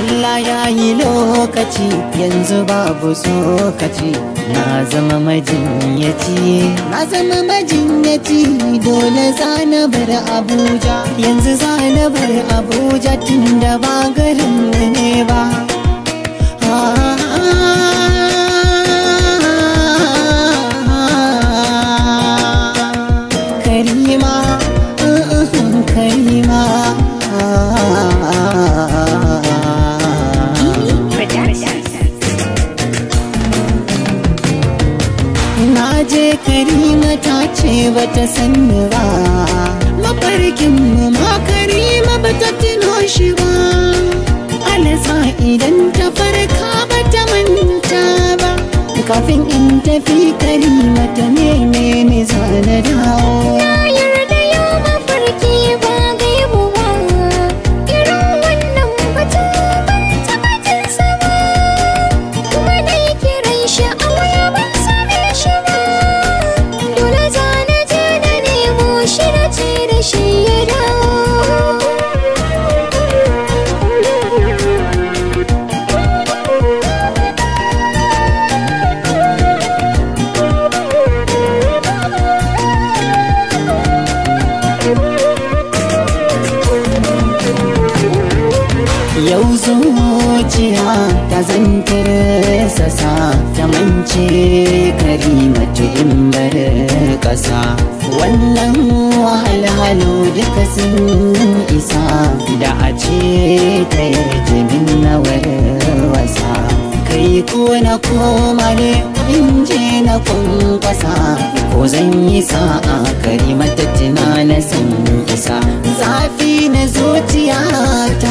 Allah ya yi lokaci yanzu babu tsokaci na zama majinyaci na zama majinyaci dole zana bar Abuja yanzu zana bar Abuja da ba garin ne ba na je karima ta ce bata sanni ba mafarkin mu ma karima bata tuno shi ba alasa idan ta farka bata manta ba kafin in tafi karima ta neme ni zana dawo yau zuciya ta zantar sasa ta mance karimatu in bar ƙasa wannan wahalhalu duka sun isa da a ce ta yarjimin na wasa. kai ko na koma ne in je na kwankwasa ko zan yi sa'a karimatu tuna na san isa zafi na zuciya ta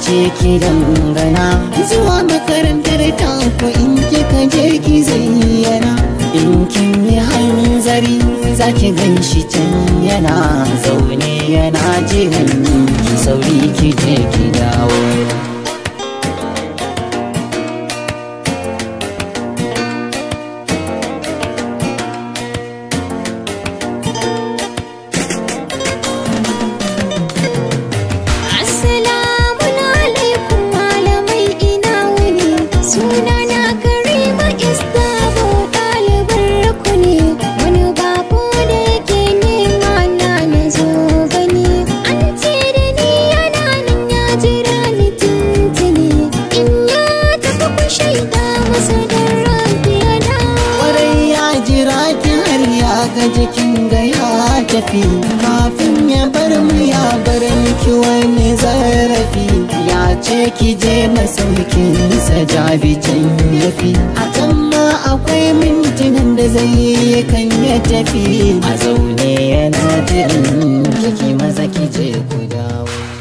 ce ki dangana zuwa makarantar ta taku in ka je ki zayyana in kin yi hanzari za ki gan shi can yana zaune yana jiran ki sauri ki je ki dawo jikin ga ya tafi kafin ya bar mu ya bar miki wani zarafi ya ce ki je masaukin sa jabi can fi a can ma akwai mintunan da zai yi kan ya tafi a zaune yana jiran kiki maza ki je ku dawo